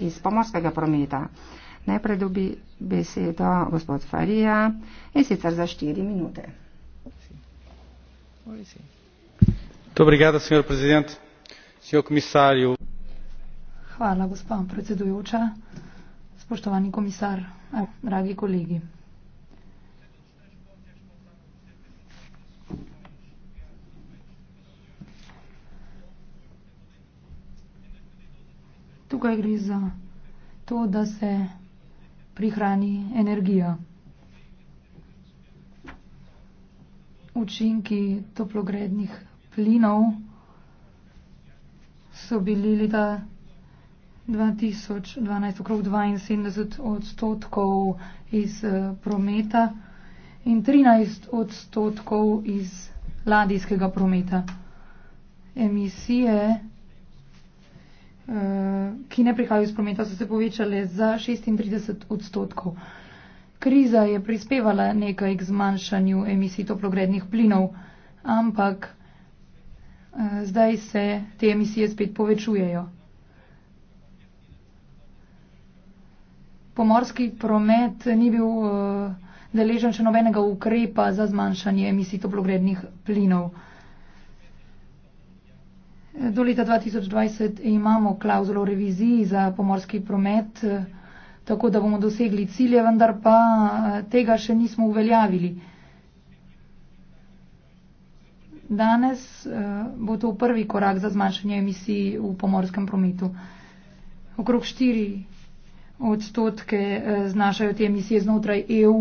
iz pomorskega prometa. Najprej dobi besedo gospod Farija in sicer za štiri minute. Dobrigada, senjor predsednik, senjor komisarju. Hvala, gospod predsedujoča, spoštovani komisar, dragi kolegi. Tukaj gre za to, da se prihrani energija. Učinki toplogrednih plinov so bili leta 2012 okrog 72 odstotkov iz eh, prometa in 13 odstotkov iz ladijskega prometa. Emisije Eh, ki ne prihajajo iz prometa, so se povečale za 36 odstotkov. Kriza je prispevala nekaj k zmanjšanju emisij toplogrednih plinov, ampak eh, zdaj se te emisije spet povečujejo. Pomorski promet ni bil eh, deležen še nobenega ukrepa za zmanjšanje emisij toplogrednih plinov. Do leta 2020 imamo klauzulo reviziji za pomorski promet, eh, tako da bomo dosegli cilje, vendar pa eh, tega še nismo uveljavili. Danes eh, bo to prvi korak za zmanjšanje emisij v pomorskem prometu. Okrog 4 odstotke znašajo te emisije znotraj EU.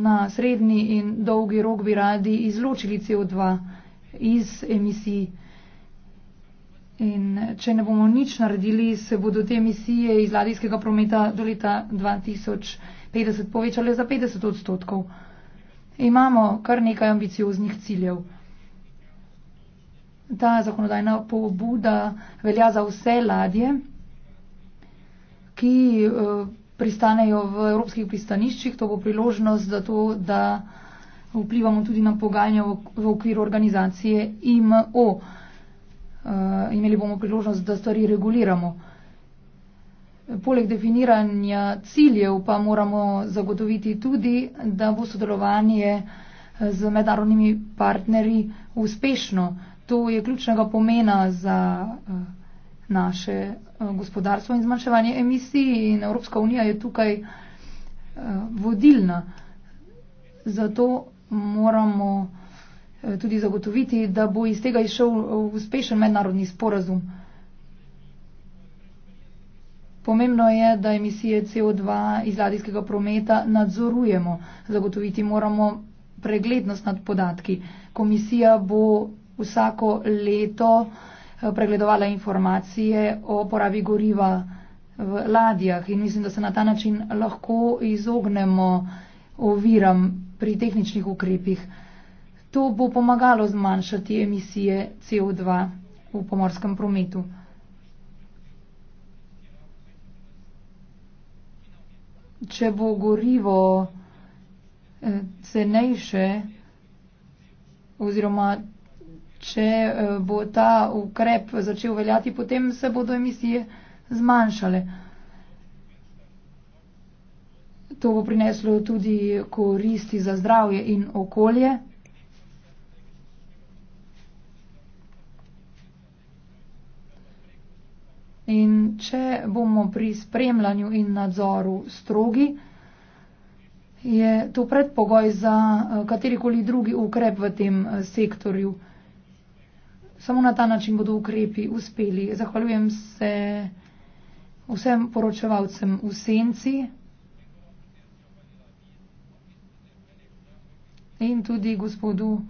Na srednji in dolgi rok bi radi izločili CO2 iz emisij. In če ne bomo nič naredili, se bodo te emisije iz ladijskega prometa do leta 2050 povečale za 50 odstotkov. Imamo kar nekaj ambicioznih ciljev. Ta zakonodajna pobuda velja za vse ladje, ki eh, pristanejo v evropskih pristaniščih. To bo priložnost za to, da vplivamo tudi na pogajanja v, v okviru organizacije IMO. E, eh, imeli bomo priložnost, da stvari reguliramo. Poleg definiranja ciljev pa moramo zagotoviti tudi, da bo sodelovanje eh, z mednarodnimi partnerji uspešno. To je ključnega pomena za eh, naše gospodarstvo in zmanjševanje emisij in Evropska unija je tukaj vodilna. Zato moramo eh, tudi zagotoviti, da bo iz tega išel eh, uspešen mednarodni sporazum. Pomembno je, da emisije CO2 iz ladijskega prometa nadzorujemo. Zagotoviti moramo preglednost nad podatki. Komisija bo vsako leto eh, pregledovala informacije o porabi goriva v ladjah in mislim, da se na ta način lahko izognemo uh, oviram pri tehničnih ukrepih. To bo pomagalo zmanjšati emisije CO2 v pomorskem prometu. Če bo gorivo eh, cenejše oziroma če eh, bo ta ukrep začel veljati, potem se bodo emisije zmanjšale to bo prineslo tudi koristi za zdravje in okolje. In če bomo pri spremljanju in nadzoru strogi, je to predpogoj za eh, katerikoli drugi ukrep v tem eh, sektorju. Samo na ta način bodo ukrepi uspeli. Zahvaljujem se vsem poročevalcem v senci. in tudi gospodu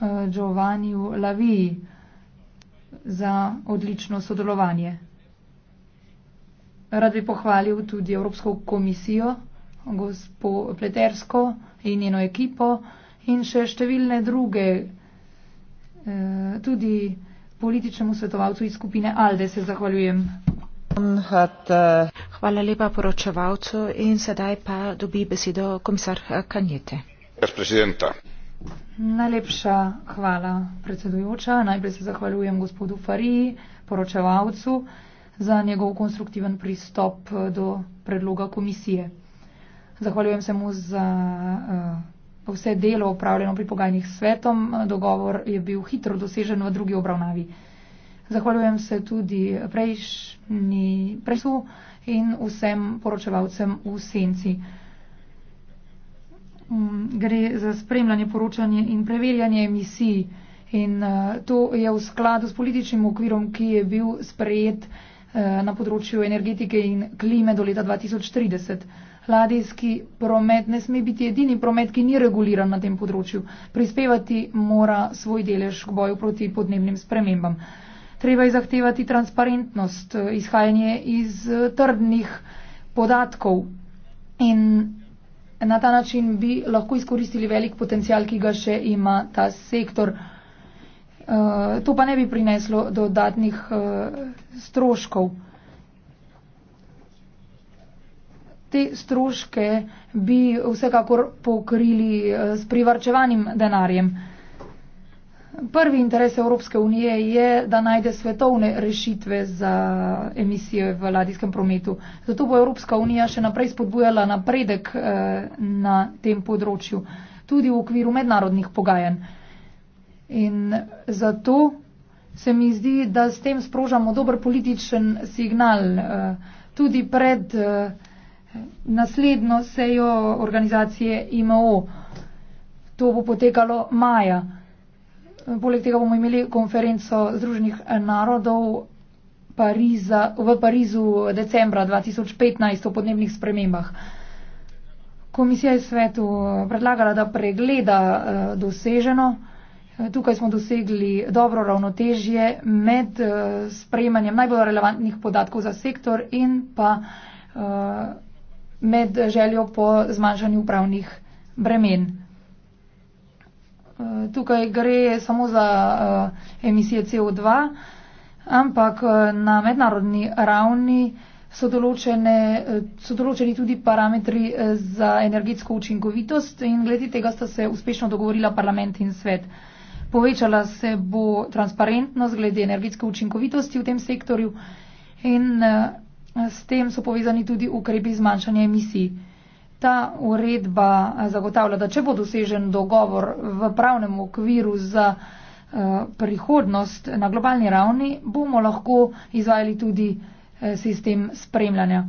eh, Giovanniju Laviji za odlično sodelovanje. Rad bi pohvalil tudi Evropsko komisijo, gospo Pletersko in njeno ekipo in še številne druge, eh, tudi političnemu svetovalcu iz skupine Alde se zahvaljujem. Hvala lepa poročevalcu in sedaj pa dobi besedo komisar Kanjete. Najlepša hvala, predsedujoča. Najprej se zahvaljujem gospodu Fariji, poročevalcu, za njegov konstruktiven pristop do predloga komisije. Zahvaljujem se mu za uh, vse delo upravljeno pri pogajnih svetom. Dogovor je bil hitro dosežen v drugi obravnavi. Zahvaljujem se tudi prejšnji presu in vsem poročevalcem v senci. Uh, Mm, gre za spremljanje, poročanje in preverjanje emisij. In eh, to je v skladu s političnim okvirom, ki je bil sprejet eh, na področju energetike in klime do leta 2030. Ladijski promet ne sme biti edini promet, ki ni reguliran na tem področju. Prispevati mora svoj delež k boju proti podnebnim spremembam. Treba je zahtevati transparentnost, eh, izhajanje iz trdnih podatkov in na ta način bi lahko izkoristili velik potencial, ki ga še ima ta sektor. Eh, to pa ne bi prineslo dodatnih eh, stroškov. Te stroške bi vsekakor pokrili eh, s privarčevanim denarjem. Prvi interes Evropske unije je, da najde svetovne rešitve za emisije v ladijskem prometu. Zato bo Evropska unija še naprej spodbujala napredek eh, na tem področju, tudi v okviru mednarodnih pogajanj. In zato se mi zdi, da s tem sprožamo dober političen signal eh, tudi pred eh, naslednjo sejo organizacije IMO. To bo potekalo maja. Poleg tega bomo imeli konferenco Združenih narodov Pariza, v Parizu decembra 2015 o podnebnih spremembah. Komisija je svetu eh, predlagala, da pregleda eh, doseženo. Eh, tukaj smo dosegli dobro ravnotežje med sprejemanjem najbolj relevantnih podatkov za sektor in pa med željo po zmanjšanju upravnih bremen. Eh, tukaj gre samo za eh, emisije CO2, ampak eh, na mednarodni ravni so, določene, so določeni tudi parametri za energetsko učinkovitost in glede tega sta se uspešno dogovorila parlament in svet. Povečala se bo transparentnost glede energetske učinkovitosti v tem sektorju in s tem so povezani tudi ukrepi zmanjšanja emisij ta uredba zagotavlja, da če bo dosežen dogovor v pravnem okviru za eh, prihodnost na globalni ravni, bomo lahko izvajali tudi eh, sistem spremljanja.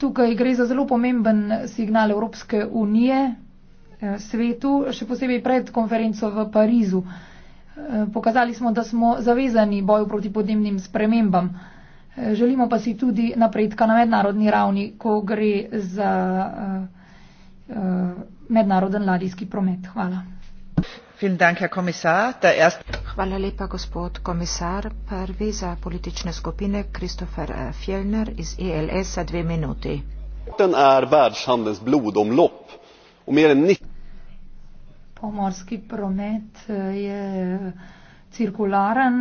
Tukaj gre za zelo pomemben signal Evropske unije eh, svetu, še posebej pred konferenco v Parizu. Pokazali smo, da smo zavezani boju proti podnebnim spremembam. Želimo pa si tudi napredka na mednarodni ravni, ko gre za eh, eh, mednaroden ladijski promet. Hvala. Hvala lepa, gospod komisar. Prvi za politične skupine Kristofer eh, Fjellner iz ELS-a dve minuti. Er Pomorski promet je cirkularen.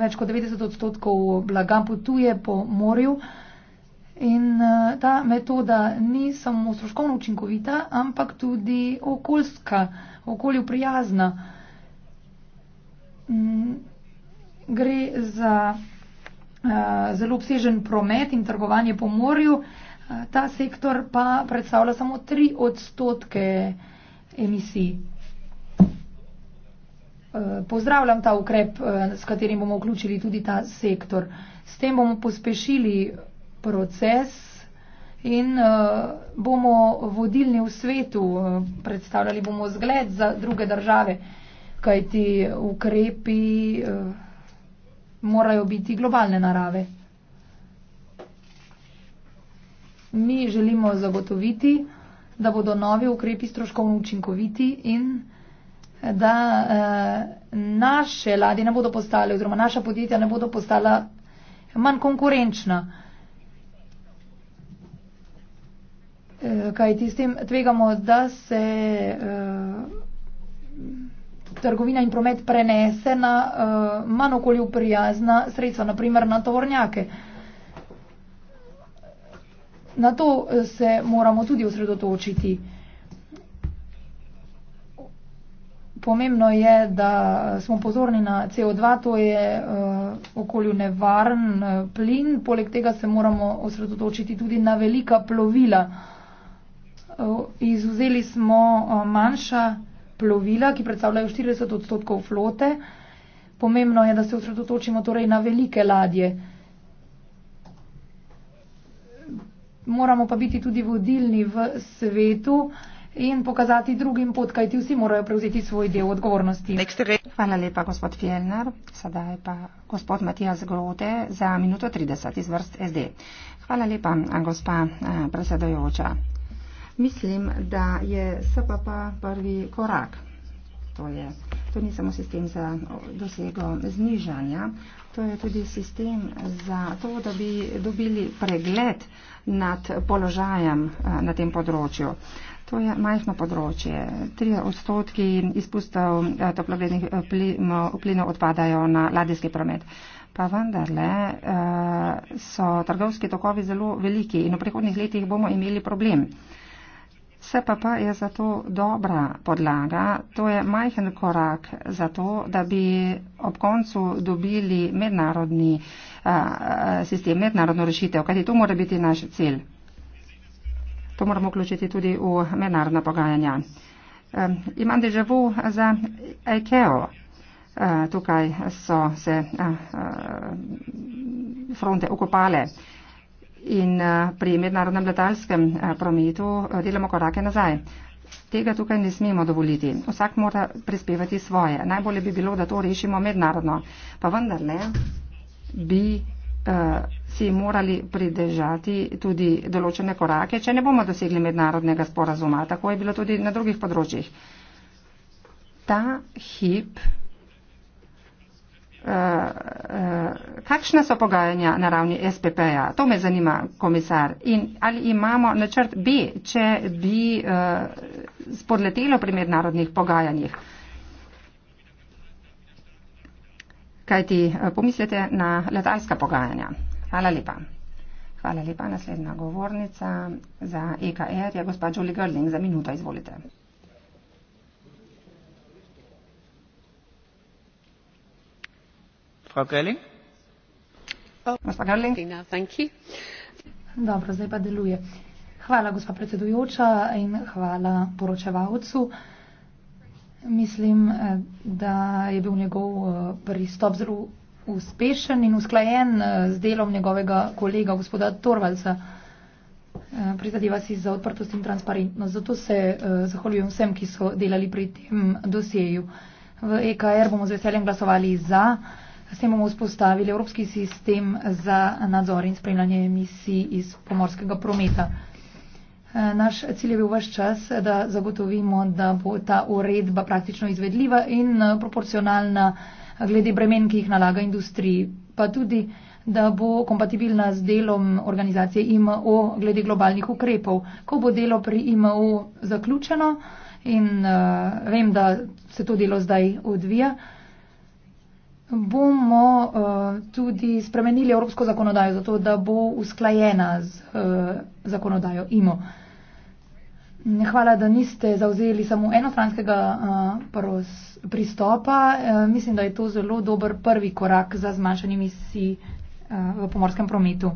Več kot 90 odstotkov blaga potuje po morju. In eh, ta metoda ni samo stroškovno učinkovita, ampak tudi okoljska, okolju prijazna. Mm, gre za eh, zelo obsežen promet in trgovanje po morju. Eh, ta sektor pa predstavlja samo 3 odstotke emisij. Eh, pozdravljam ta ukrep, eh, s katerim bomo vključili tudi ta sektor. S tem bomo pospešili proces in eh, bomo vodilni v svetu, predstavljali bomo zgled za druge države, kajti ukrepi morajo biti globalne narave. Mi želimo zagotoviti, da bodo novi ukrepi stroškovno učinkoviti in da eh, naše ladje ne bodo postale oziroma naša podjetja ne bodo postala manj konkurenčna. Eh, Kaj ti s tem tvegamo, da se uh, trgovina in promet prenese na uh, manj okolju prijazna sredstva, naprimer na tovornjake. Na to se moramo tudi osredotočiti. Uh, pomembno je, da smo pozorni na CO2, to je uh, okolju nevaren eh, plin, poleg tega se moramo osredotočiti tudi na velika plovila. Uh, eh, izuzeli smo uh, manjša plovila, ki predstavljajo 40 odstotkov flote. Pomembno je, da se osredotočimo torej na velike ladje. Moramo pa biti tudi vodilni v svetu. Uh, in pokazati drugim pot, kaj ti vsi morajo prevzeti svoj del odgovornosti. Hvala lepa, gospod Fjellner. Sedaj pa gospod Matijas Grote za minuto 30 iz vrst SD. Hvala lepa, gospa eh, predsedojoča. Mislim, da je SPP prvi korak. To, je, to ni samo sistem za dosego znižanja, to je tudi sistem za to, da bi dobili pregled nad položajem eh, na tem področju. To je majhno področje. 3 odstotki izpustov eh, toplogrednih eh, plinov odpadajo na ladijski promet. Pa vendarle eh, so trgovski tokovi zelo veliki in v prihodnih letih bomo imeli problem. SPP je zato dobra podlaga, to je majhen korak za to, da bi ob koncu dobili mednarodni sistem, mednarodno rešitev, kajti to mora biti naš cilj to moramo vključiti tudi v mednarodna pogajanja. Imam deja vu za IKEO. E, tukaj so se e, e, fronte okopale in pri mednarodnem letalskem prometu delamo korake nazaj. Tega tukaj ne smemo dovoliti. Vsak mora prispevati svoje. Najbolje bi bilo, da to rešimo mednarodno. Pa vendarle bi uh, si morali pridržati tudi določene korake, če ne bomo dosegli mednarodnega sporazuma. Tako je bilo tudi na drugih področjih. Ta hip, uh, uh, kakšna so pogajanja na ravni SPP-ja? To me zanima, komisar. In ali imamo načrt B, če bi uh, spodletelo pri mednarodnih pogajanjih? kajti eh, pomislite na letalska pogajanja. Hvala lepa. Hvala lepa. Naslednja govornica za EKR je gospod Julie Gerling. Za minuto izvolite. Frau Gerling. Oh, gospod Gerling. Dobro, zdaj pa deluje. Hvala, gospod predsedujoča, in hvala poročevalcu. Uh, Mislim, eh, da je bil njegov eh, pristop zelo uspešen in usklajen eh, z delom njegovega kolega, gospoda Torvalca. Prizadeva si za odprtost in transparentnost. Zato se zahvaljujem vsem, ki so delali pri tem dosjeju. V EKR bomo z veseljem glasovali za, s tem bomo vzpostavili evropski sistem za nadzor in spremljanje emisij iz pomorskega prometa. Naš cilj je bil vaš čas, da zagotovimo, da bo ta uredba praktično izvedljiva in eh, proporcionalna glede bremen, ki jih nalaga industriji, pa tudi, da bo kompatibilna z delom organizacije IMO glede globalnih ukrepov. Ko bo delo pri IMO zaključeno in uh, vem, da se to delo zdaj odvija, bomo tudi spremenili evropsko zakonodajo, zato da bo usklajena z uh, zakonodajo IMO. Hvala, da niste zauzeli samo enostranskega uh, pristopa. Uh, mislim, da je to zelo dober prvi korak za zmanjšanje emisij uh, v pomorskem prometu.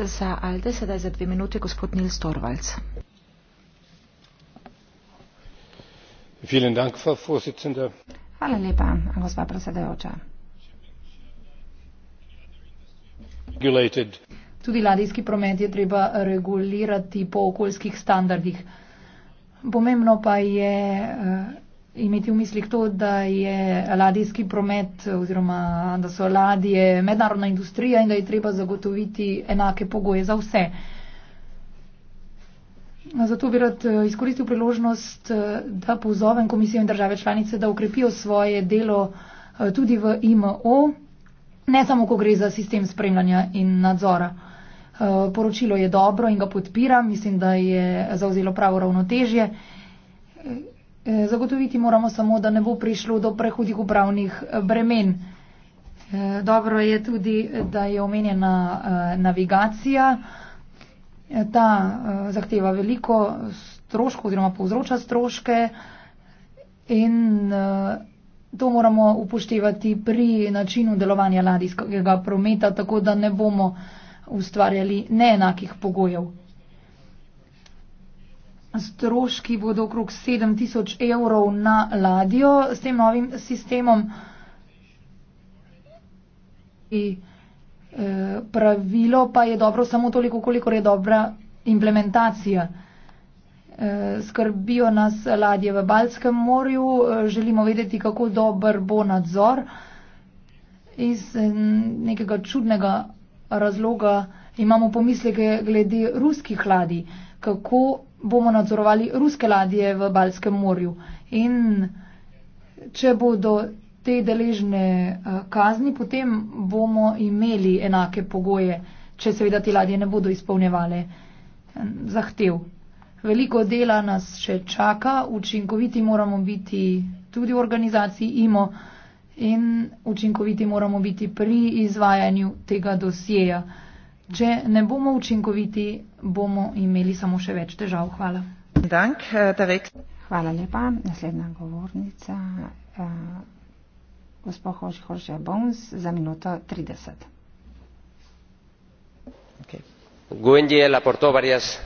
Za Alde sedaj za dve minute gospod Nils Torvalc. Vielen Dank, Frau Vorsitzende. Hvala lepa, gospa predsedajoča. Tudi ladijski promet je treba regulirati po okoljskih standardih. Pomembno pa je eh, imeti v mislih to, da je ladijski promet oziroma da so ladje mednarodna industrija in da je treba zagotoviti enake pogoje za vse. Zato bi rad eh, izkoristil priložnost, eh, da pozovem komisijo in države članice, da ukrepijo svoje delo eh, tudi v IMO, ne samo, ko gre za sistem spremljanja in nadzora. Poročilo je dobro in ga podpiram, mislim, da je zauzelo pravo ravnotežje. Zagotoviti moramo samo, da ne bo prišlo do prehudih upravnih bremen. Dobro je tudi, da je omenjena navigacija. Ta eh, zahteva veliko stroškov oziroma povzroča stroške in eh, to moramo upoštevati pri načinu delovanja ladijskega prometa, tako da ne bomo ustvarjali neenakih pogojev. Stroški bodo okrog 7000 evrov na ladjo s tem novim sistemom. In Eh, pravilo pa je dobro samo toliko, kolikor je dobra implementacija. Eh, skrbijo nas ladje v Balskem morju, eh, želimo vedeti, kako dober bo nadzor. Iz nekega čudnega razloga imamo pomisleke glede ruskih ladij, kako bomo nadzorovali ruske ladje v Balskem morju. In če bodo te deležne eh, kazni, potem bomo imeli enake pogoje, če seveda te ladje ne bodo izpolnjevale eh, zahtev. Veliko dela nas še čaka, učinkoviti moramo biti tudi v organizaciji IMO in učinkoviti moramo biti pri izvajanju tega dosjeja. Če ne bomo učinkoviti, bomo imeli samo še več težav. Hvala. Dank, eh, Hvala lepa. Naslednja govornica. Uh gospod Hoše Bones za minuto 30. Gwendiel aportó varias.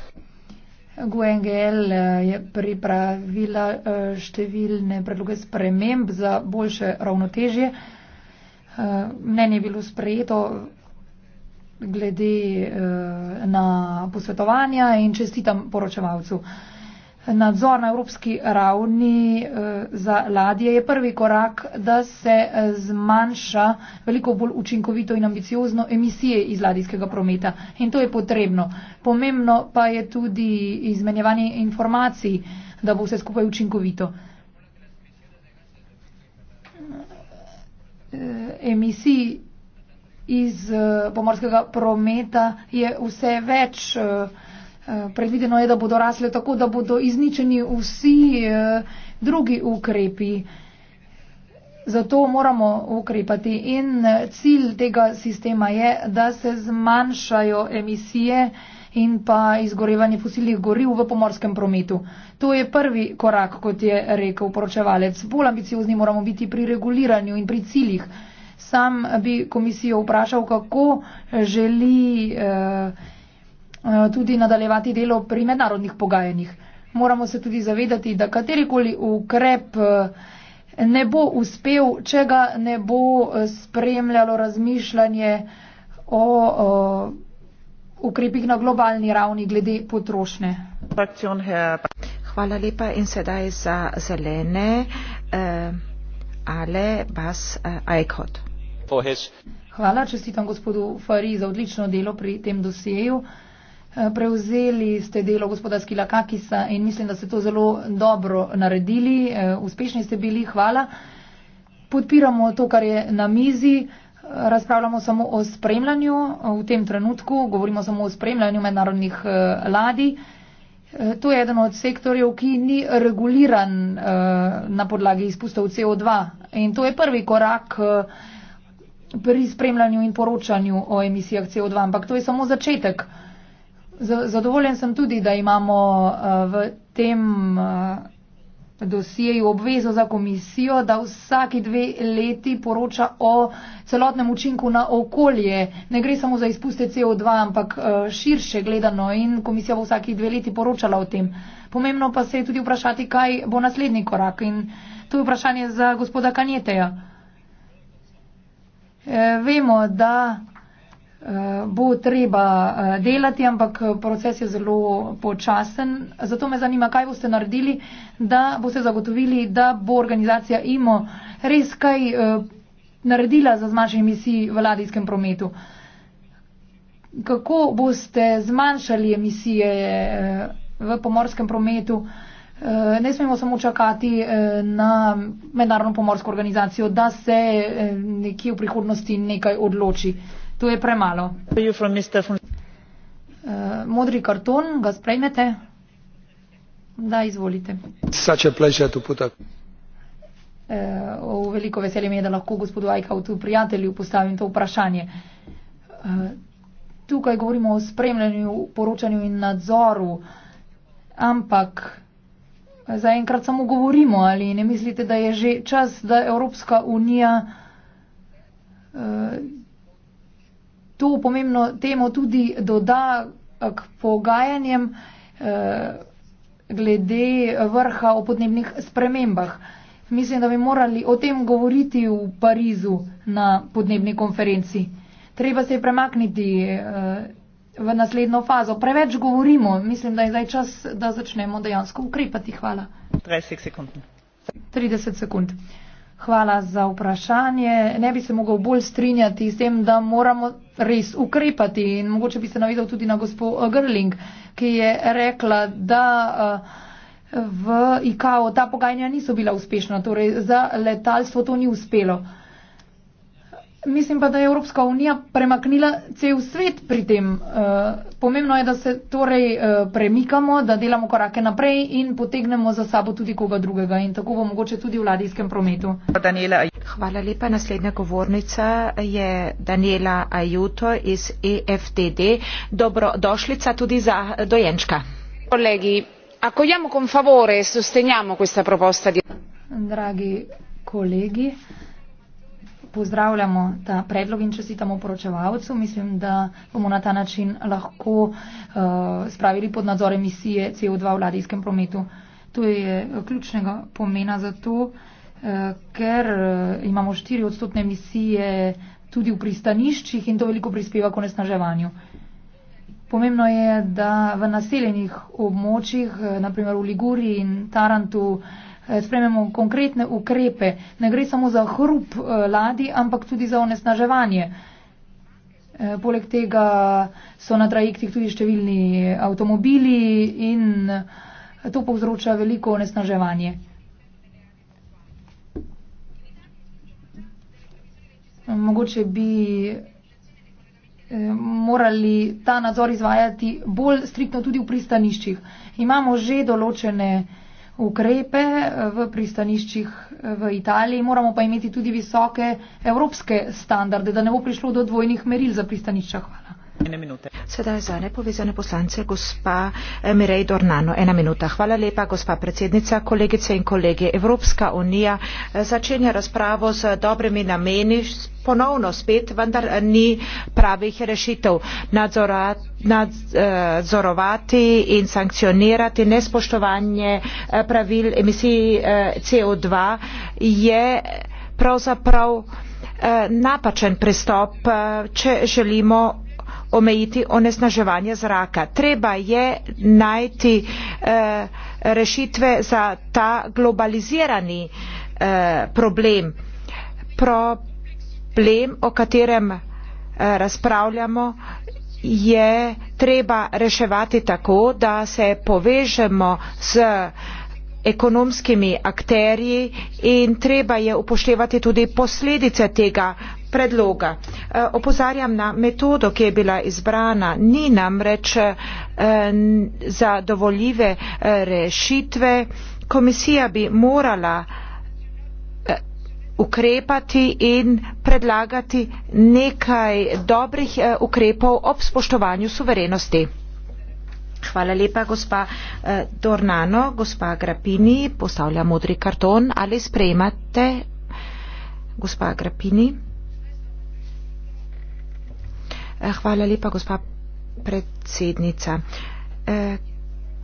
Gwendiel eh, je pripravila eh, številne predloge sprememb za boljše ravnotežje. Eh, mnenje je bilo sprejeto glede na posvetovanja in čestitam poročevalcu. Nadzor na evropski ravni eh, za ladje je prvi korak, da se eh, zmanjša veliko bolj učinkovito in ambiciozno emisije iz ladijskega prometa. In to je potrebno. Pomembno pa je tudi izmenjevanje informacij, da bo vse skupaj učinkovito. Eh, emisij iz pomorskega prometa je vse več. Eh, predvideno je, da bodo rasle tako, da bodo izničeni vsi eh, drugi ukrepi. Zato moramo ukrepati in eh, cilj tega sistema je, da se zmanjšajo emisije in pa izgorevanje fosilnih goriv v pomorskem prometu. To je prvi korak, kot je rekel poročevalec. Bolj ambiciozni moramo biti pri reguliranju in pri ciljih. Sam bi komisijo vprašal, kako želi. Eh, Eh, tudi nadaljevati delo pri mednarodnih pogajanjih. Moramo se tudi zavedati, da katerikoli ukrep eh, ne bo uspel, če ga ne bo eh, spremljalo razmišljanje o, o ukrepih na globalni ravni glede potrošnje. Hvala lepa in sedaj za zelene eh, ale bas eh, Aikot. Hvala, čestitam gospodu Fari za odlično delo pri tem dosjeju. Eh, Eh, prevzeli ste delo gospoda Skila Kakisa in mislim, da ste to zelo dobro naredili. Eh, uspešni ste bili, hvala. Podpiramo to, kar je na mizi. Eh, razpravljamo samo o spremljanju v tem trenutku, govorimo samo o spremljanju mednarodnih ladij. To je eden od sektorjev, ki ni reguliran na podlagi izpustov CO2. In to je prvi korak pri spremljanju in poročanju o emisijah CO2, ampak to je samo začetek. Zadovoljen sem tudi, da imamo eh, v tem eh, dosjeju obvezo za komisijo, da vsaki dve leti poroča o celotnem učinku na okolje. Ne gre samo za izpuste CO2, ampak eh, širše gledano in komisija bo vsaki dve leti poročala o tem. Pomembno pa se je tudi vprašati, kaj bo naslednji korak. In to je vprašanje za gospoda Kanjeteja. Vemo, da Eh, bo treba eh, delati, ampak eh, proces je zelo počasen. Zato me zanima, kaj boste naredili, da boste zagotovili, da bo organizacija IMO res kaj naredila za zmanjšanje emisij v ladijskem prometu. Kako boste zmanjšali emisije v pomorskem prometu? Ne smemo samo čakati na mednarodno pomorsko organizacijo, da se nekje v prihodnosti nekaj odloči. To je premalo. Eh, modri karton, ga sprejmete? Da, izvolite. Eh, veliko veselje mi je, da lahko gospodu Ajkautu prijatelju postavim to vprašanje. Eh, tukaj govorimo o spremljanju, poročanju in nadzoru, ampak zaenkrat samo govorimo, ali ne mislite, da je že čas, da Evropska unija to pomembno temo tudi doda eh, k pogajanjem eh, glede vrha o podnebnih spremembah. Mislim, da bi morali o tem govoriti v Parizu na podnebni konferenci. Treba se je premakniti eh, v naslednjo fazo. Preveč govorimo. Mislim, da je zdaj čas, da začnemo dejansko ukrepati. Hvala. 30 sekund. 30 sekund. Hvala za vprašanje. Ne bi se mogel bolj strinjati s tem, da moramo res ukrepati in mogoče bi se navidel tudi na gospo Grling, ki je rekla, da eh, v IKO ta pogajanja niso bila uspešna, torej za letalstvo to ni uspelo. Mislim pa, da je Evropska unija premaknila cel svet pri tem. Eh, pomembno je, da se torej eh, premikamo, da delamo korake naprej in potegnemo za sabo tudi koga drugega in tako bo mogoče tudi v ladijskem prometu. Daniela. Hvala lepa. Naslednja govornica je Daniela Ajuto iz EFTD. Dobrodošlica tudi za dojenčka. Kolegi, akojamo kon favore, e sosteniamo questa proposta di... Dragi kolegi pozdravljamo ta predlog in čestitamo poročevalcu. Mislim, da bomo na ta način lahko uh, spravili pod nadzor emisije CO2 v ladijskem prometu. To je eh, ključnega pomena zato, uh, eh, ker uh, imamo štiri odstotne emisije tudi v pristaniščih in to veliko prispeva k onesnaževanju. Pomembno je, da v naseljenih območjih, naprimer v Liguriji in Tarantu, uh, Eh, sprememo konkretne ukrepe. Ne gre samo za hrup eh, ladi, ampak tudi za onesnaževanje. Eh, poleg tega so na trajektih tudi številni avtomobili in to povzroča veliko onesnaževanje. Mogoče bi morali ta nadzor izvajati bolj striktno tudi v pristaniščih. Imamo že določene ukrepe v pristaniščih v Italiji, moramo pa imeti tudi visoke evropske standarde, da ne bo prišlo do dvojnih meril za pristanišča. Hvala. Sedaj za nepovezane poslance gospa eh, Mirej Dornano. Ena minuta. Hvala lepa, gospa predsednica, kolegice in kolege. Evropska unija eh, začenja razpravo z dobrimi nameni, ponovno spet, vendar eh, ni pravih rešitev. Nadzorovati in sankcionirati nespoštovanje pravil emisij CO2 je pravzaprav napačen pristop, če želimo omejiti onesnaževanje zraka. Treba je najti eh, rešitve za ta globalizirani eh, problem. Problem, o katerem eh, razpravljamo, je treba reševati tako, da se povežemo z ekonomskimi akterji in treba je upoštevati tudi posledice tega predloga. Eh, opozarjam na metodo, ki je bila izbrana, ni namreč eh, za dovoljive eh, rešitve. Komisija bi morala ukrepati in predlagati nekaj dobrih ukrepov ob spoštovanju suverenosti. Hvala lepa, gospa Dornano. Gospa Grapini postavlja modri karton. Ali sprejmate, gospa Grapini? Eh, hvala lepa, gospa predsednica. Eh,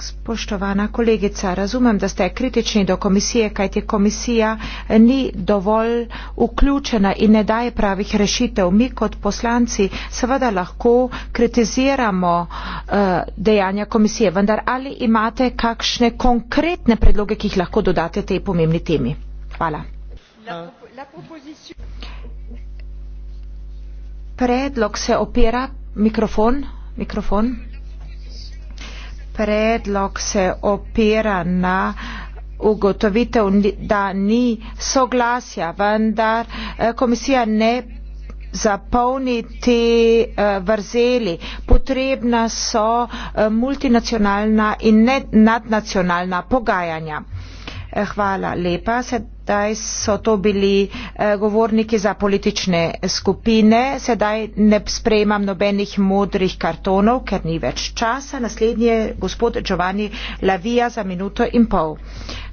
spoštovana kolegica, razumem, da ste kritični do komisije, kajti komisija eh, ni dovolj vključena in ne daje pravih rešitev. Mi kot poslanci seveda lahko kritiziramo dejanja komisije, vendar ali imate kakšne konkretne predloge, ki jih lahko dodate tej pomembni temi? Hvala. La, la predlog se opira mikrofon mikrofon predlog se opira na ugotovitev, da ni soglasja, vendar eh, komisija ne zapolniti eh, vrzeli. Potrebna so eh, multinacionalna in nadnacionalna pogajanja. Hvala lepa. Prej so to bili eh, govorniki za politične skupine, sedaj ne sprejemam nobenih modrih kartonov, ker ni več časa. Naslednji je gospod Giovanni Lavija za minuto in pol.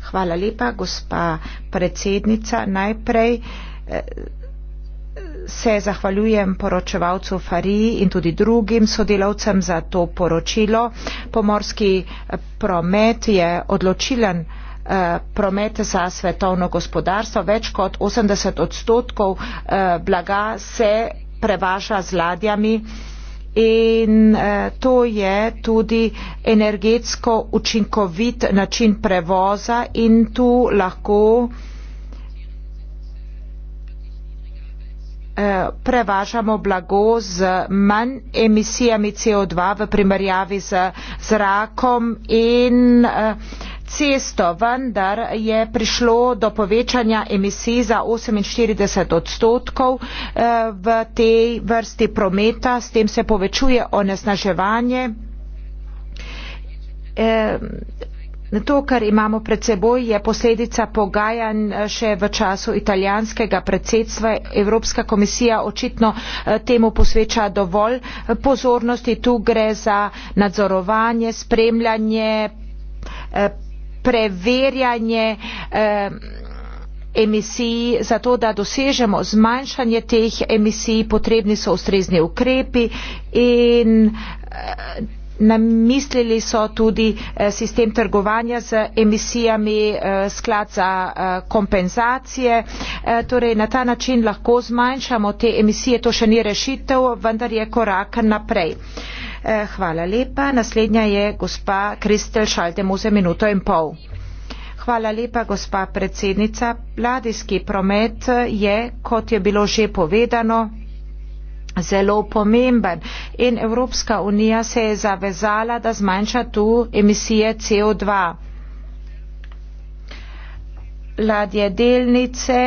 Hvala lepa, gospa predsednica. Najprej eh, se zahvaljujem poročevalcu Fariji in tudi drugim sodelavcem za to poročilo. Pomorski eh, promet je odločilen. Eh, promet za svetovno gospodarstvo. Več kot 80 odstotkov eh, blaga se prevaža z ladjami in eh, to je tudi energetsko učinkovit način prevoza in tu lahko prevažamo blago z manj emisijami CO2 v primerjavi z zrakom in uh, cesto, vendar je prišlo do povečanja emisij za 48 odstotkov eh, v tej vrsti prometa, s tem se povečuje onesnaževanje. Eh, to, kar imamo pred seboj, je posledica pogajanj eh, še v času italijanskega predsedstva. Evropska komisija očitno temu posveča dovolj pozornosti. Tu gre za nadzorovanje, spremljanje preverjanje eh, emisij, zato da dosežemo zmanjšanje teh emisij, potrebni so ustrezni ukrepi in eh, namislili so tudi eh, sistem trgovanja z emisijami, sklad za kompenzacije. Torej, na ta način lahko zmanjšamo te emisije, to še ni rešitev, vendar je korak naprej. Eh, hvala lepa. Naslednja je gospa Kristel Šaltemuze, minuto in pol. Hvala lepa, gospa predsednica. Ladijski promet je, kot je bilo že povedano, zelo pomemben in Evropska unija se je zavezala, da zmanjša tu emisije CO2. Ladje delnice,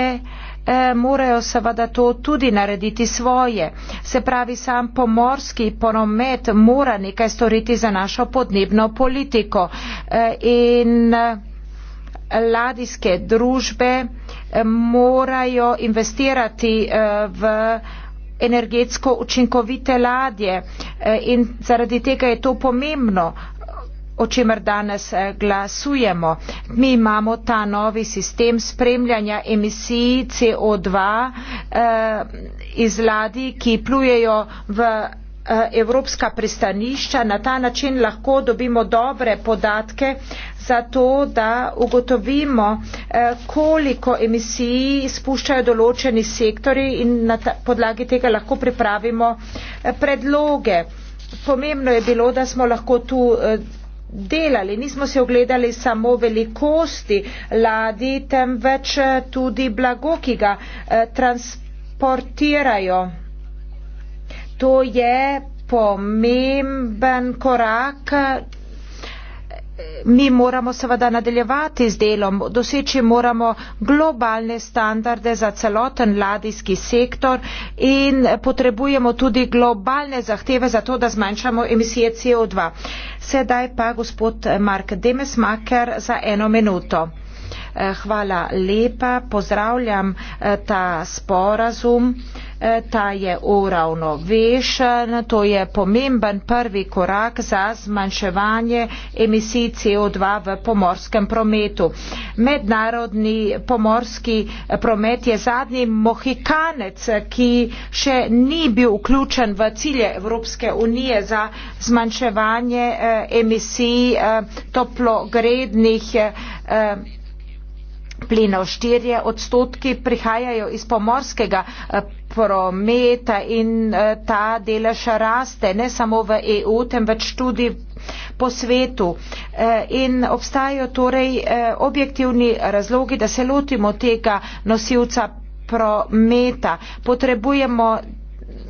Eh, morajo seveda to tudi narediti svoje. Se pravi, sam pomorski promet mora nekaj storiti za našo podnebno politiko. Eh, in eh, ladijske družbe morajo investirati v energetsko učinkovite ladje in zaradi tega je to pomembno, o čemer danes eh, glasujemo. Mi imamo ta novi sistem spremljanja emisij CO2 eh, iz ladij, ki plujejo v eh, evropska pristanišča. Na ta način lahko dobimo dobre podatke za to, da ugotovimo, eh, koliko emisij spuščajo določeni sektori in na podlagi tega lahko pripravimo predloge. Pomembno je bilo, da smo lahko tu delali, nismo se ogledali samo velikosti ladi, temveč eh, tudi blago, ki ga eh, transportirajo. To je pomemben korak mi moramo seveda nadaljevati z delom, doseči moramo globalne standarde za celoten ladijski sektor in potrebujemo tudi globalne zahteve za to, da zmanjšamo emisije CO2. Sedaj pa gospod Mark Demesmaker za eno minuto. Eh, hvala lepa, pozdravljam eh, ta sporazum, eh, ta je uravnovešen, to je pomemben prvi korak za zmanjševanje emisij CO2 v pomorskem prometu. Mednarodni pomorski promet je zadnji mohikanec, ki še ni bil vključen v cilje Evropske unije za zmanjševanje emisij toplogrednih emisij plinov štirje odstotki prihajajo iz pomorskega eh, prometa in eh, ta delež raste ne samo v EU, temveč tudi po svetu. Eh, in obstajajo torej objektivni razlogi, da se lotimo tega nosilca prometa. Potrebujemo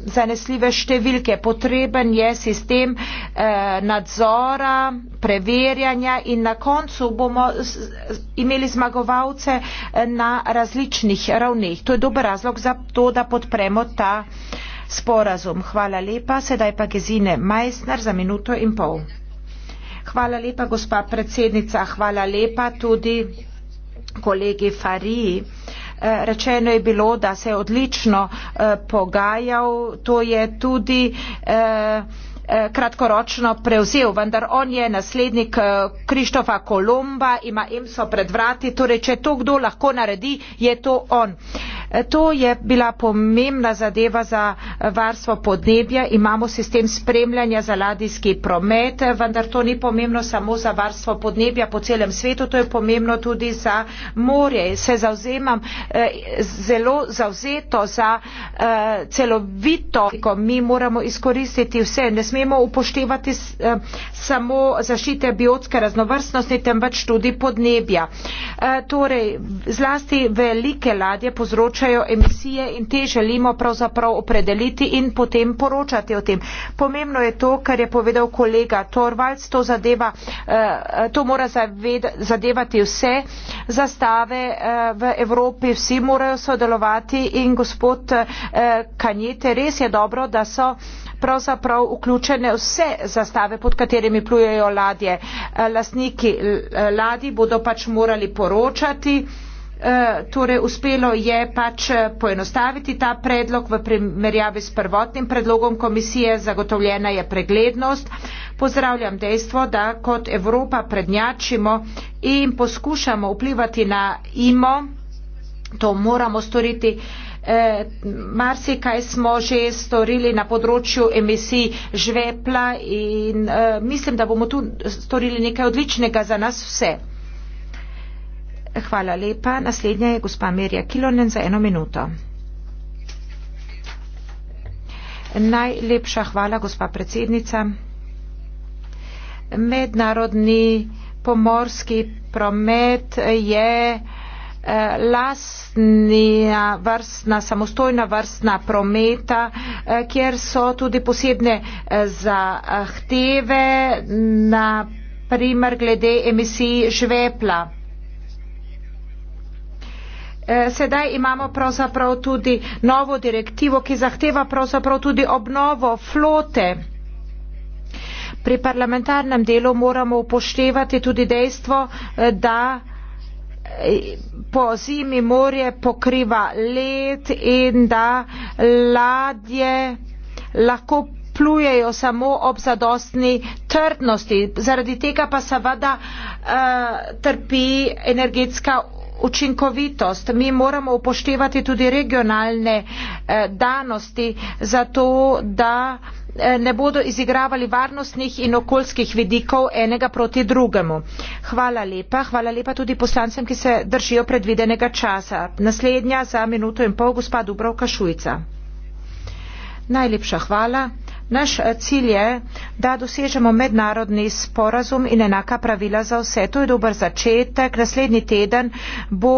zanesljive številke. Potreben je sistem eh, nadzora, preverjanja in na koncu bomo imeli zmagovalce eh, na različnih ravneh. To je dober razlog za to, da podpremo ta sporazum. Hvala lepa. Sedaj pa Gezine Majsner za minuto in pol. Hvala lepa, gospa predsednica. Hvala lepa tudi kolegi Fariji. Eh, rečeno je bilo, da se je odlično eh, pogajal, to je tudi eh, eh, kratkoročno prevzel, vendar on je naslednik Krištofa Kolumba, ima emso pred vrati, torej če to kdo lahko naredi, je to on. To je bila pomembna zadeva za varstvo podnebja. Imamo sistem spremljanja za ladijski promet, vendar to ni pomembno samo za varstvo podnebja po celem svetu, to je pomembno tudi za morje. Se zauzemam eh, zelo zauzeto za eh, celovito, ko mi moramo izkoristiti vse. Ne smemo upoštevati eh, samo zaščite biotske raznovrstnosti, temveč tudi podnebja. Torej, zlasti velike ladje povzročajo povečajo emisije in te želimo pravzaprav opredeliti in potem poročati o tem. Pomembno je to, kar je povedal kolega Torvalds, to, zadeva, eh, to mora zadevati vse zastave eh, v Evropi, vsi morajo sodelovati in gospod eh, Kanjete, res je dobro, da so pravzaprav vključene vse zastave, pod katerimi plujejo ladje. Lastniki ladi bodo pač morali poročati. Eh, torej uspelo je pač eh, poenostaviti ta predlog v primerjavi s prvotnim predlogom komisije, zagotovljena je preglednost. Pozdravljam dejstvo, da kot Evropa prednjačimo in poskušamo vplivati na IMO, to moramo storiti. E, marsikaj smo že storili na področju emisij žvepla in e, mislim, da bomo tu storili nekaj odličnega za nas vse. Hvala lepa. Naslednja je gospa Merja Kilonen za eno minuto. Najlepša hvala, gospa predsednica. Mednarodni pomorski promet je eh, lastna vrstna, samostojna vrstna prometa, eh, kjer so tudi posebne eh, zahteve, na primer glede emisij žvepla. Eh, sedaj imamo pravzaprav tudi novo direktivo, ki zahteva pravzaprav tudi obnovo flote. Pri parlamentarnem delu moramo upoštevati tudi dejstvo, eh, da eh, po zimi morje pokriva led in da ladje lahko plujejo samo ob zadostni trdnosti. Zaradi tega pa seveda uh, trpi energetska učinkovitost. Mi moramo upoštevati tudi regionalne eh, danosti za to, da eh, ne bodo izigravali varnostnih in okoljskih vidikov enega proti drugemu. Hvala lepa. Hvala lepa tudi poslancem, ki se držijo predvidenega časa. Naslednja za minuto in pol gospa Dubrovka Šujca. Najlepša hvala. Naš eh, cilj je, da dosežemo mednarodni sporazum in enaka pravila za vse. To je dober začetek. Naslednji teden bo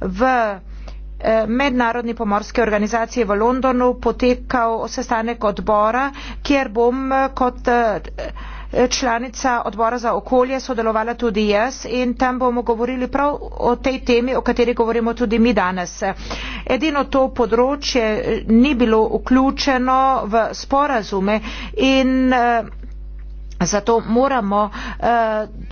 v eh, mednarodni pomorski organizaciji v Londonu potekal sestanek odbora, kjer bom eh, kot članica odbora za okolje, sodelovala tudi jaz in tam bomo govorili prav o tej temi, o kateri govorimo tudi mi danes. Edino to področje ni bilo vključeno v sporazume in uh, Zato moramo uh,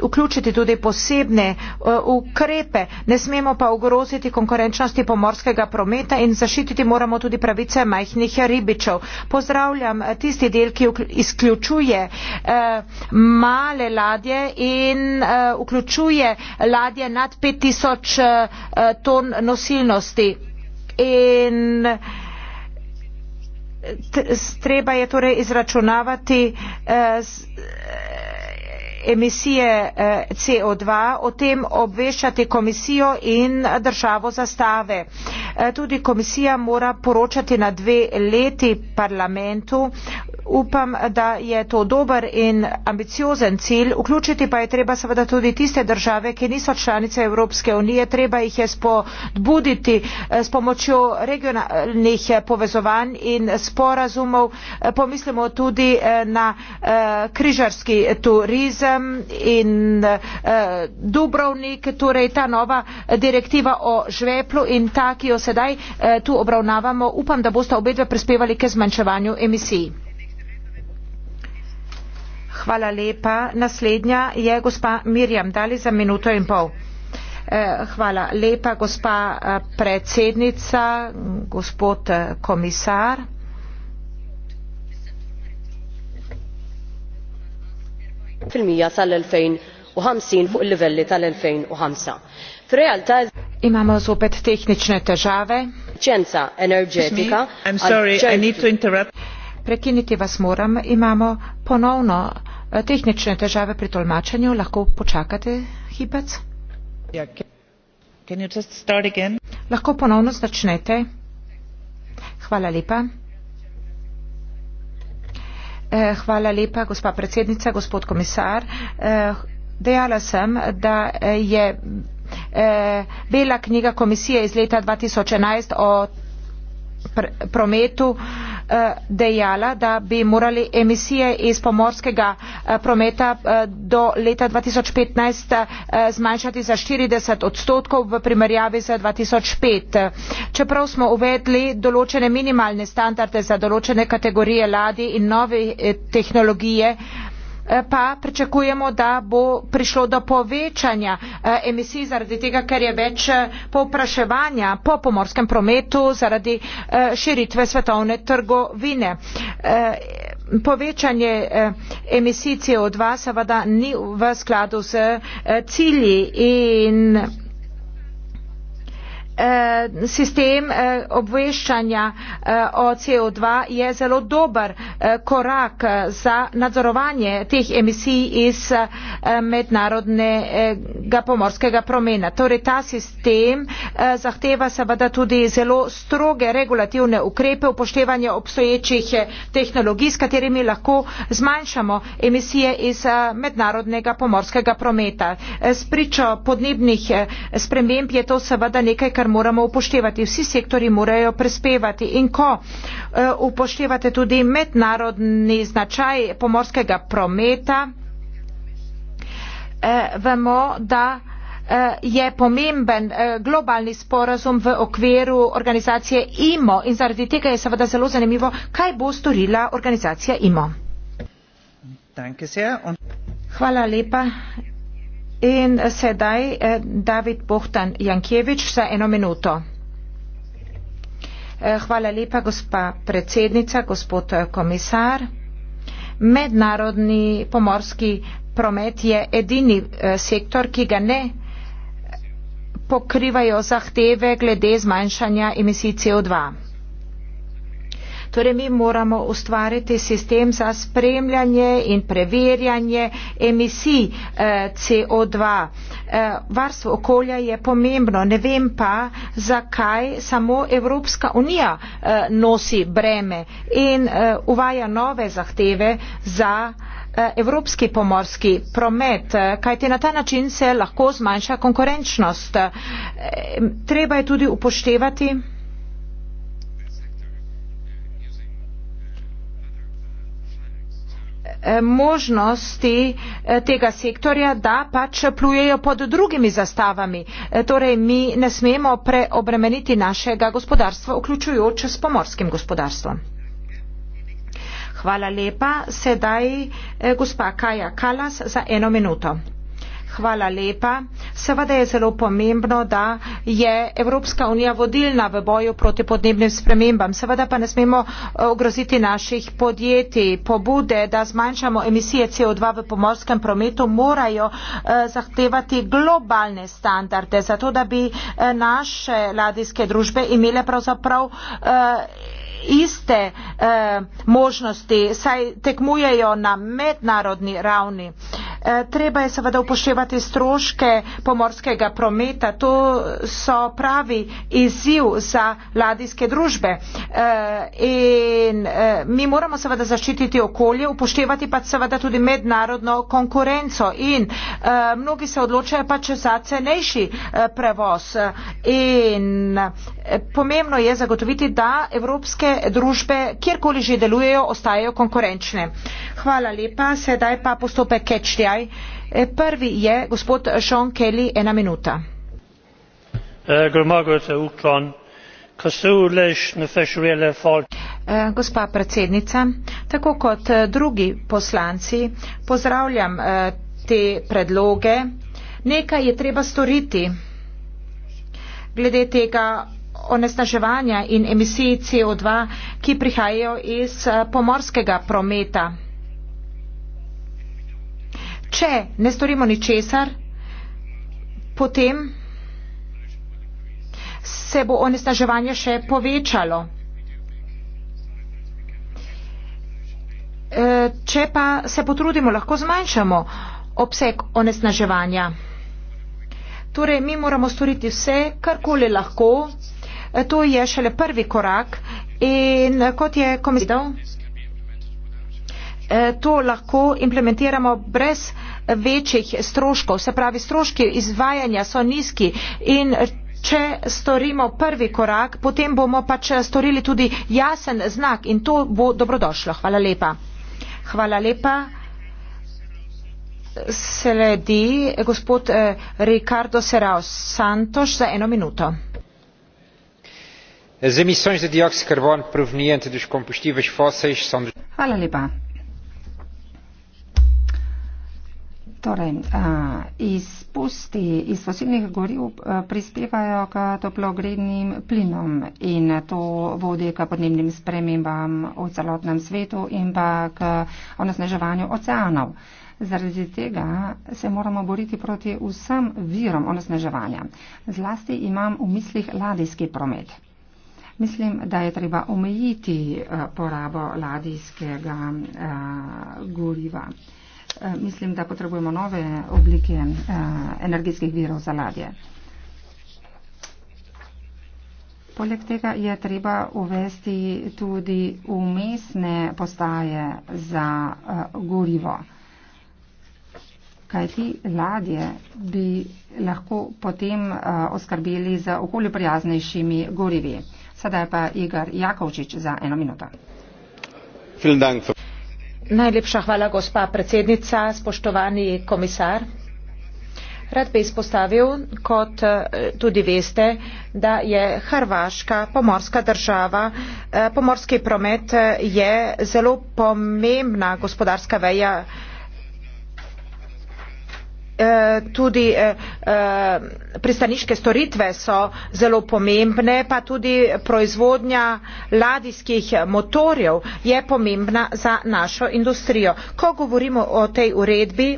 vključiti tudi posebne uh, ukrepe. Ne smemo pa ogroziti konkurenčnosti pomorskega prometa in zaščititi moramo tudi pravice majhnih ribičev. Pozdravljam eh, tisti del, ki izključuje uh, male ladje in uh, vključuje ladje nad 5000 uh, ton nosilnosti. In, uh, treba je torej izračunavati eh, s, eh, emisije eh, CO2, o tem obveščati komisijo in državo zastave. Eh, tudi komisija mora poročati na dve leti parlamentu. Upam, da je to dober in ambiciozen cilj. Vključiti pa je treba seveda tudi tiste države, ki niso članice Evropske unije. Treba jih je spodbuditi eh, s pomočjo regionalnih povezovanj in sporazumov. Pomislimo tudi na križarski turizem um, in uh, Dubrovnik, torej ta nova direktiva o žveplu in ta, ki jo sedaj uh, tu obravnavamo, upam, da boste obedve prispevali k zmanjševanju emisij. Hvala lepa. Naslednja je gospa Mirjam. Dali za minuto in pol. Eh, hvala lepa, gospa predsednica, gospod komisar. tal għalfejn u ħamsin fuq il-livelli tal għalfejn u ħamsa f'realtà. Imam osobet tehnične težave. Čenca energetika. I'm sorry, I need to interrupt. Prekiniti vas moram, imamo ponovno eh, tehnične težave pri tolmačenju, lahko počakate hipec? Yeah, can you just start again? Lahko ponovno začnete. Hvala lepa. Eh, hvala lepa, gospa predsednica, gospod komisar. Eh, dejala sem, da eh, je bela knjiga komisije iz leta 2011 o prometu Eh, dejala, da bi morali emisije iz pomorskega eh, prometa eh, do leta 2015 zmanjšati za 40 odstotkov v primerjavi z 2005. Čeprav smo uvedli določene minimalne standarde za določene kategorije ladij in nove tehnologije, Eh, pa pričakujemo, da bo prišlo do povečanja eh, emisij zaradi tega, ker je več eh, povpraševanja po pomorskem prometu zaradi širitve svetovne trgovine. Povečanje emisij CO2 seveda ni v skladu z cilji in Eh, sistem eh, obveščanja eh, o CO2 je zelo dober korak za nadzorovanje teh emisij iz mednarodnega pomorskega promena. Torej ta sistem zahteva seveda tudi zelo stroge regulativne ukrepe upoštevanja obstoječih tehnologij, s katerimi lahko zmanjšamo emisije iz mednarodnega pomorskega prometa. S pričo podnebnih sprememb je to seveda nekaj, kar kar moramo upoštevati. Vsi sektori morajo prispevati in ko eh, upoštevate tudi mednarodni značaj pomorskega prometa, eh, vemo, da eh, je pomemben globalni sporazum v okviru organizacije IMO in zaradi tega je seveda zelo zanimivo, kaj bo storila organizacija IMO. Hvala lepa. In sedaj eh, David Bohtan Jankjevič za eno minuto. Eh, hvala lepa, gospa predsednica, gospod eh, komisar. Mednarodni pomorski promet je edini sektor, ki ga ne pokrivajo zahteve glede zmanjšanja emisij CO2. Torej mi moramo ustvariti sistem za spremljanje in preverjanje emisij eh, CO2. Eh, varstvo okolja je pomembno, ne vem pa, zakaj samo Evropska unija eh, nosi breme in eh, uvaja nove zahteve za eh, evropski pomorski promet, eh, kajti na ta način se lahko zmanjša konkurenčnost. Eh, treba je tudi upoštevati, Eh, možnosti eh, tega sektorja, da pač plujejo pod drugimi zastavami. Eh, torej, mi ne smemo preobremeniti našega gospodarstva, vključujoč s pomorskim gospodarstvom. Hvala lepa. Sedaj gospa Kaja Kalas za eno minuto. Hvala lepa. Seveda je zelo pomembno, da je Evropska unija vodilna v boju proti podnebnim spremembam. Seveda pa ne smemo eh, ogroziti naših podjetij. Pobude, da zmanjšamo emisije CO2 v pomorskem prometu, morajo eh, zahtevati globalne standarde, zato da bi eh, naše ladijske družbe imele pravzaprav. Eh, iste eh, možnosti, saj tekmujejo na mednarodni ravni. Eh, Eh, treba je seveda upoštevati stroške pomorskega prometa. To so pravi izziv za ladijske družbe. Eh, in eh, mi moramo seveda zaščititi okolje, upoštevati pa seveda tudi mednarodno konkurenco. In mnogi se odločajo pa če za cenejši prevoz. In pomembno je zagotoviti, da evropske družbe, kjerkoli že delujejo, ostajajo konkurenčne. Hvala lepa. Sedaj pa postopek Catch the vprašaj. E, prvi je gospod Sean Kelly, ena minuta. E, e, gospa predsednica, tako kot drugi poslanci pozdravljam te predloge. Nekaj je treba storiti glede tega onesnaževanja in emisij CO2, ki prihajajo iz pomorskega prometa. Če ne storimo ničesar, potem se bo onesnaževanje še povečalo. E, če pa se potrudimo, lahko zmanjšamo obseg onesnaževanja. Torej, mi moramo storiti vse, karkoli lahko. E, to je šele prvi korak in kot je komisar povedal, Eh, to lahko implementiramo brez večjih stroškov. Se pravi, stroški izvajanja so nizki in če storimo prvi korak, potem bomo pač storili tudi jasen znak in to bo dobrodošlo. Hvala lepa. Hvala lepa. Sledi gospod eh, Ricardo Serao Santos za eno minuto. Hvala lepa. Torej, izpusti iz fosilnih goriv prispevajo k toplogrednim plinom in to vodi k podnebnim spremembam v celotnem svetu in pa k onesnaževanju oceanov. Zaradi tega se moramo boriti proti vsem virom onesnaževanja. Zlasti imam v mislih ladijski promet. Mislim, da je treba omejiti porabo ladijskega goriva. Uh, Eh, mislim, da potrebujemo nove oblike eh, energetskih virov za ladje. Poleg tega je treba uvesti tudi umestne postaje za eh, gorivo. Kaj ti ladje bi lahko potem oskrbeli z okolju prijaznejšimi gorivi? Sada je pa Igor Jakovčič za eno minuto. Najlepša hvala, gospa predsednica, spoštovani komisar. Rad bi izpostavil, kot eh, tudi veste, da je Hrvaška pomorska država, eh, pomorski promet eh, je zelo pomembna gospodarska veja Eh, tudi eh, eh, pristaniške storitve so zelo pomembne, pa tudi proizvodnja ladijskih motorjev je pomembna za našo industrijo. Ko govorimo o tej uredbi,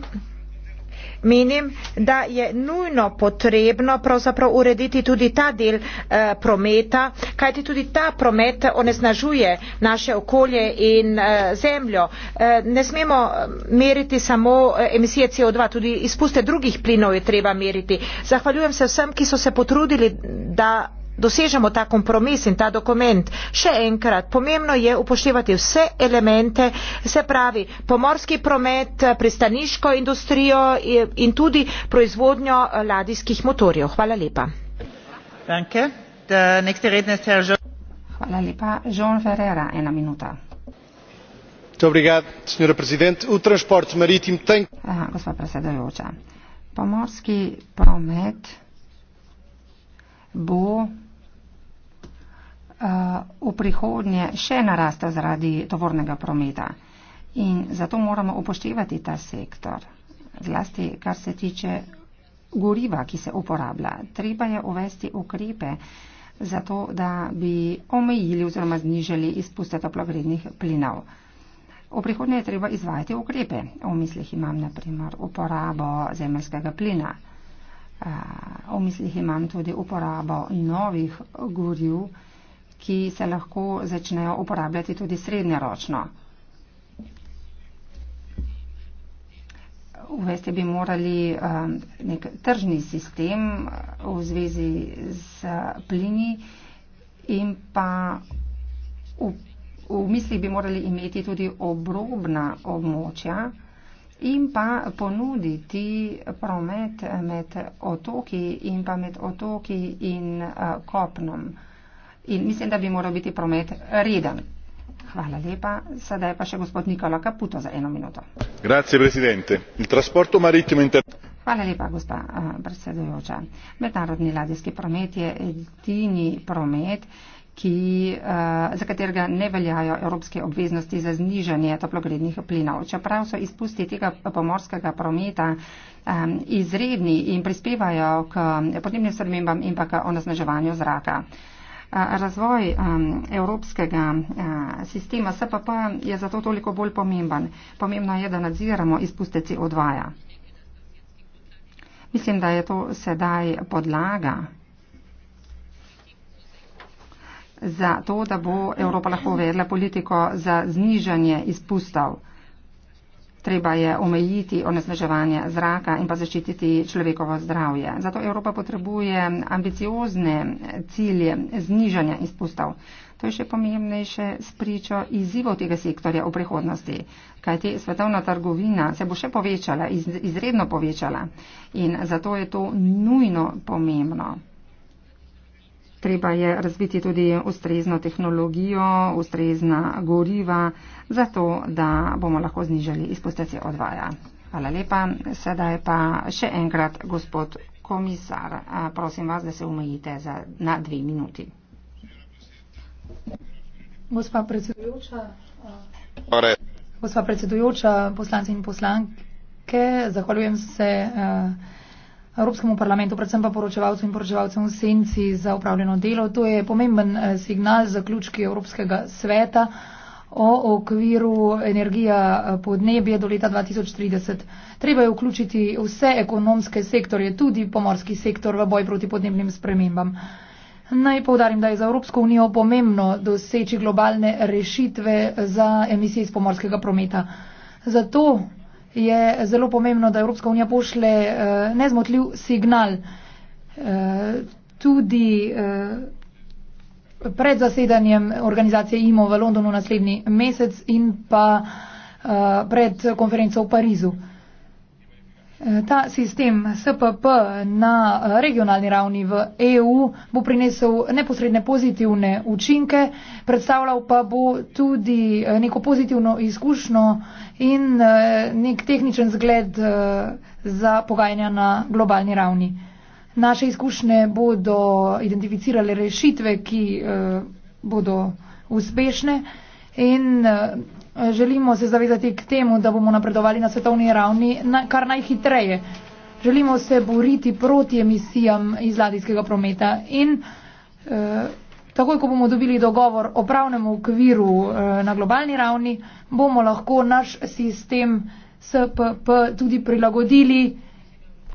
menim, da je nujno potrebno pravzaprav urediti tudi ta del eh, prometa, kajti tudi ta promet onesnažuje naše okolje in eh, zemljo. Eh, ne smemo eh, meriti samo eh, emisije CO2, tudi izpuste drugih plinov je treba meriti. Zahvaljujem se vsem, ki so se potrudili, da dosežemo ta kompromis in ta dokument. Še enkrat, pomembno je upoštevati vse elemente, se pravi pomorski promet, pristaniško industrijo in tudi proizvodnjo ladijskih motorjev. Hvala lepa. Hvala lepa. Žon Ferreira, ena minuta. Gospod predsedujoča, pomorski promet bo Eh, v prihodnje še narastel zaradi tovornega prometa. In zato moramo upoštevati ta sektor, zlasti kar se tiče goriva, ki se uporablja. Treba je uvesti ukrepe za to, da bi omejili oziroma znižali izpuste toplogrednih plinov. V prihodnje je treba izvajati ukrepe. V mislih imam naprimer uporabo zemeljskega plina. Eh, v mislih imam tudi uporabo novih goriv ki se lahko začnejo uporabljati tudi srednjeročno. Uvesti bi morali um, nek tržni sistem uh, v zvezi z uh, plini in pa v, v misli bi morali imeti tudi obrobna območja in pa ponuditi promet med otoki in pa med otoki in uh, kopnom in mislim, da bi moral biti promet reden. Hvala lepa. Sedaj pa še gospod Nikola Caputo za eno minuto. Hvala lepa, gospa eh, predsedujoča. Mednarodni ladijski promet je edini promet, ki, eh, za katerega ne veljajo evropske obveznosti za znižanje toplogrednih plinov. Čeprav so izpusti tega pomorskega prometa izredni in prispevajo k podnebnim spremembam in pa k onesnaževanju zraka razvoj evropskega sistema SPP je zato toliko bolj pomemben. Pomembno je, da nadziramo izpuste CO2. -ja. Mislim, da je to sedaj podlaga za to, da bo Evropa lahko uvedla politiko za znižanje izpustov. Treba je omejiti onesnaževanje zraka in pa zaščititi človekovo zdravje. Zato Evropa potrebuje ambiciozne cilje znižanja izpustov. To je še pomembnejše spričo izzivov tega sektorja v prihodnosti, kajti svetovna trgovina se bo še povečala, izredno povečala in zato je to nujno pomembno. Treba je razviti tudi ustrezno tehnologijo, ustrezna goriva, zato da bomo lahko znižali izpuste CO2. Ja. Hvala lepa. Sedaj pa še enkrat, gospod komisar, prosim vas, da se umejite za, na dve minuti. Gospa predsedujoča, gospa predsedujoča, poslanci in poslanke, zahvaljujem se. Uh, Evropskemu parlamentu, predvsem pa poročevalcem in poročevalcem v senci za upravljeno delo. To je pomemben eh, signal za ključki Evropskega sveta o okviru energija eh, podnebje do leta 2030. Treba je vključiti vse ekonomske sektorje, tudi pomorski sektor, v boj proti podnebnim spremembam. Naj povdarim, da je za Evropsko unijo pomembno doseči globalne rešitve za emisije iz pomorskega prometa. Zato je zelo pomembno, da Evropska unija pošle uh, eh, nezmotljiv signal uh, tudi uh, pred zasedanjem organizacije IMO v Londonu naslednji mesec in pa uh, pred konferenco v Parizu. Uh, Ta sistem SPP na eh, regionalni ravni v EU bo prinesel neposredne pozitivne učinke, predstavljal pa bo tudi eh, neko pozitivno izkušnjo in eh, nek tehničen zgled za pogajanja na globalni ravni. Naše izkušnje bodo identificirale rešitve, ki bodo uspešne in Želimo se zavedati k temu, da bomo napredovali na svetovni ravni na, kar najhitreje. Želimo se boriti proti emisijam iz ladijskega prometa in eh, takoj, ko bomo dobili dogovor o pravnem okviru eh, na globalni ravni, bomo lahko naš sistem SPP tudi prilagodili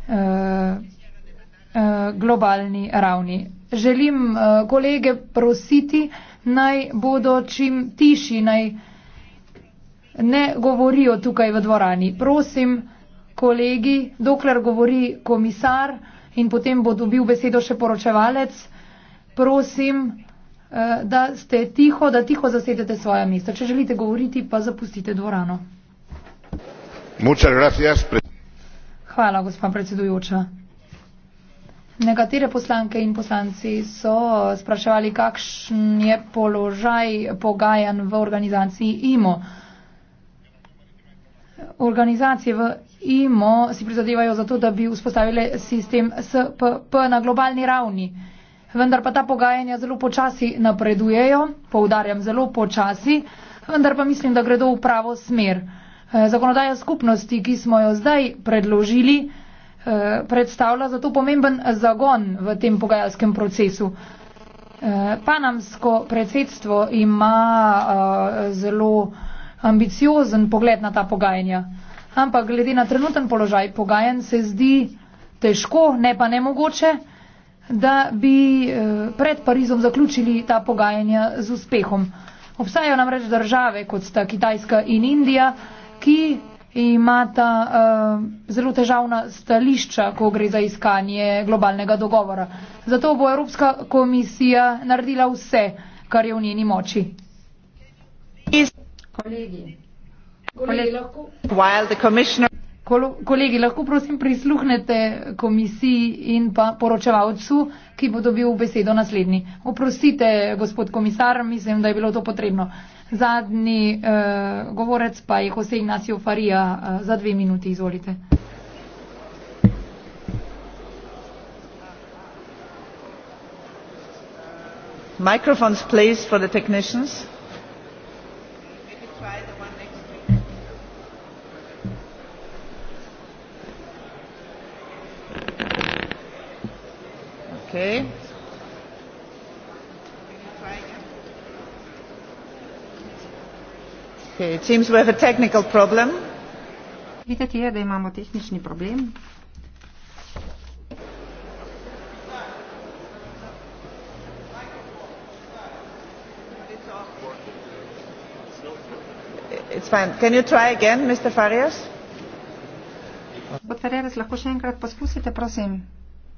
eh, eh, globalni ravni. Želim eh, kolege prositi, naj bodo čim tišji, naj ne govorijo tukaj v dvorani. Prosim, kolegi, dokler govori komisar in potem bo dobil besedo še poročevalec, prosim, eh, da ste tiho, da tiho zasedete svoje mesto. Če želite govoriti, pa zapustite dvorano. Hvala, gospod predsedujoča. Nekatere poslanke in poslanci so spraševali, kakšen je položaj pogajan v organizaciji IMO organizacije v IMO si prizadevajo za to, da bi vzpostavile sistem SPP na globalni ravni. Vendar pa ta pogajanja zelo počasi napredujejo, poudarjam zelo počasi, vendar pa mislim, da gredo v pravo smer. Eh, zakonodaja skupnosti, ki smo jo zdaj predložili, eh, predstavlja zato pomemben zagon v tem pogajalskem procesu. Eh, panamsko predsedstvo ima zelo ambiciozen pogled na ta pogajanja. Ampak glede na trenuten položaj pogajanj se zdi težko, ne pa nemogoče, da bi eh, pred Parizom zaključili ta pogajanja z uspehom. Obstajajo namreč države, kot sta Kitajska in Indija, ki imata uh, zelo težavna stališča, ko gre za iskanje globalnega dogovora. Zato bo Evropska komisija naredila vse, kar je v njeni moči. Kolegi, lahko prosim prisluhnete komisiji in pa poročevalcu, ki bo dobil besedo naslednji. Oprostite, gospod komisar, mislim, da je bilo to potrebno. Zadnji eh, govorec pa je Jose Ignacio Farija. Eh, za dve minuti izvolite. Mikrofon, prosim, za tehnike. Okay. Okay, it seems we have a technical problem. Videti je, da imamo tehnični problem. It's fine. Can you try again, Mr. Farias? Gospod Ferreres, lahko še enkrat poskusite, prosim.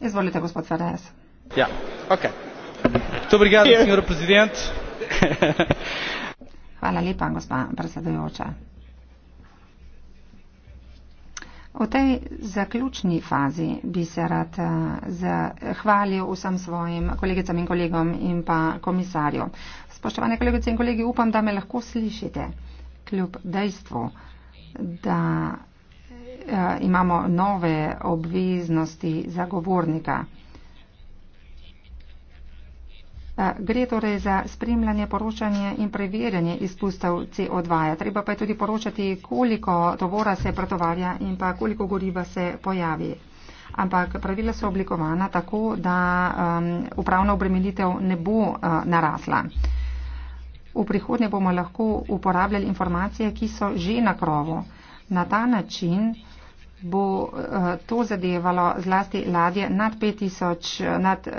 Izvolite, gospod Fernandez. Ja, ok. To brigado, gospod predsednik. Hvala lepa, gospod predsedujoča. V tej zaključni fazi bi se rad eh, zahvalil vsem svojim kolegicam in kolegom in pa komisarju. Spoštovane kolegice in kolegi, upam, da me lahko slišite, kljub dejstvu, da Eh, imamo nove obveznosti zagovornika. Eh, gre torej za spremljanje, poročanje in preverjanje izpustov CO2. Ja, treba pa je tudi poročati, koliko tovora se pretovarja in pa koliko goriva se pojavi. Ampak pravila so oblikovana tako, da um, upravna obremenitev ne bo uh, narasla. V prihodnje bomo lahko uporabljali informacije, ki so že na krovu. Na ta način bo eh, to zadevalo zlasti ladje nad 5000, nad, eh,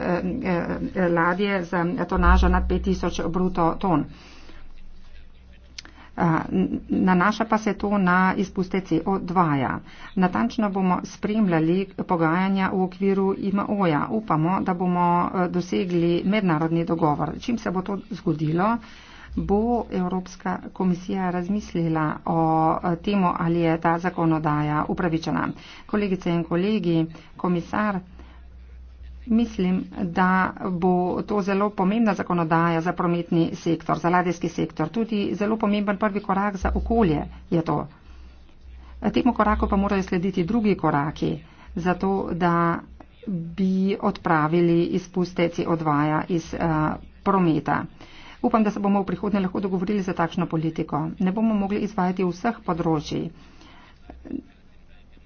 eh, ladje z tonažo nad 5000 bruto ton. Nanaša pa se to na izpuste CO2. -ja. Natančno bomo spremljali pogajanja v okviru IMO-ja. Upamo, da bomo dosegli mednarodni dogovor. Čim se bo to zgodilo, bo Evropska komisija razmislila o temu, ali je ta zakonodaja upravičena. Kolegice in kolegi, komisar, mislim, da bo to zelo pomembna zakonodaja za prometni sektor, za ladijski sektor. Tudi zelo pomemben prvi korak za okolje je to. Temu koraku pa morajo slediti drugi koraki, zato da bi odpravili izpuste CO2 iz uh, prometa. Uh, Upam, da se bomo v prihodnje lahko dogovorili za takšno politiko. Ne bomo mogli izvajati vseh področji.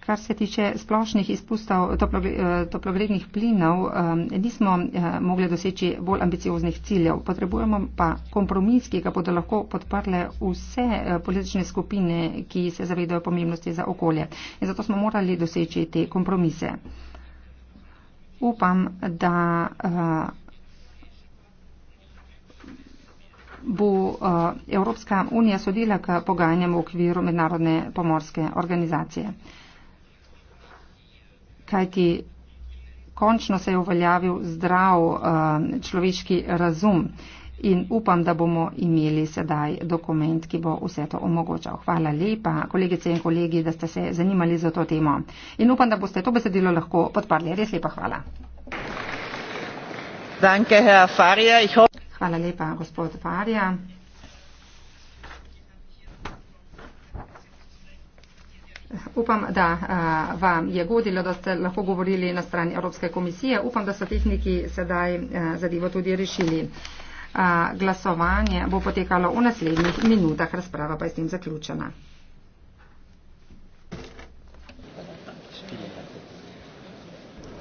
Kar se tiče splošnih izpustov eh, toplogrednih plinov, eh, nismo eh, mogli doseči bolj ambicioznih ciljev. Potrebujemo pa kompromis, ki ga bodo lahko podprle vse politične skupine, ki se zavedajo pomembnosti za okolje. In zato smo morali doseči te kompromise. Upam, da bo eh, Evropska unija sodila k pogajanjem v okviru mednarodne pomorske organizacije. Kajti končno se je uveljavil zdrav eh, človeški razum in upam, da bomo imeli sedaj dokument, ki bo vse to omogočal. Hvala lepa, kolegice in kolegi, da ste se zanimali za to temo in upam, da boste to besedilo lahko podparli. Res lepa hvala. Danke, Herr Faria. Ich hoffe... Hvala lepa, gospod Varja. Upam, da uh, vam je godilo, da ste lahko govorili na strani Evropske komisije. Upam, da so tehniki sedaj uh, zadevo tudi rešili. Uh, glasovanje bo potekalo v naslednjih minutah, razprava pa je s tem zaključena.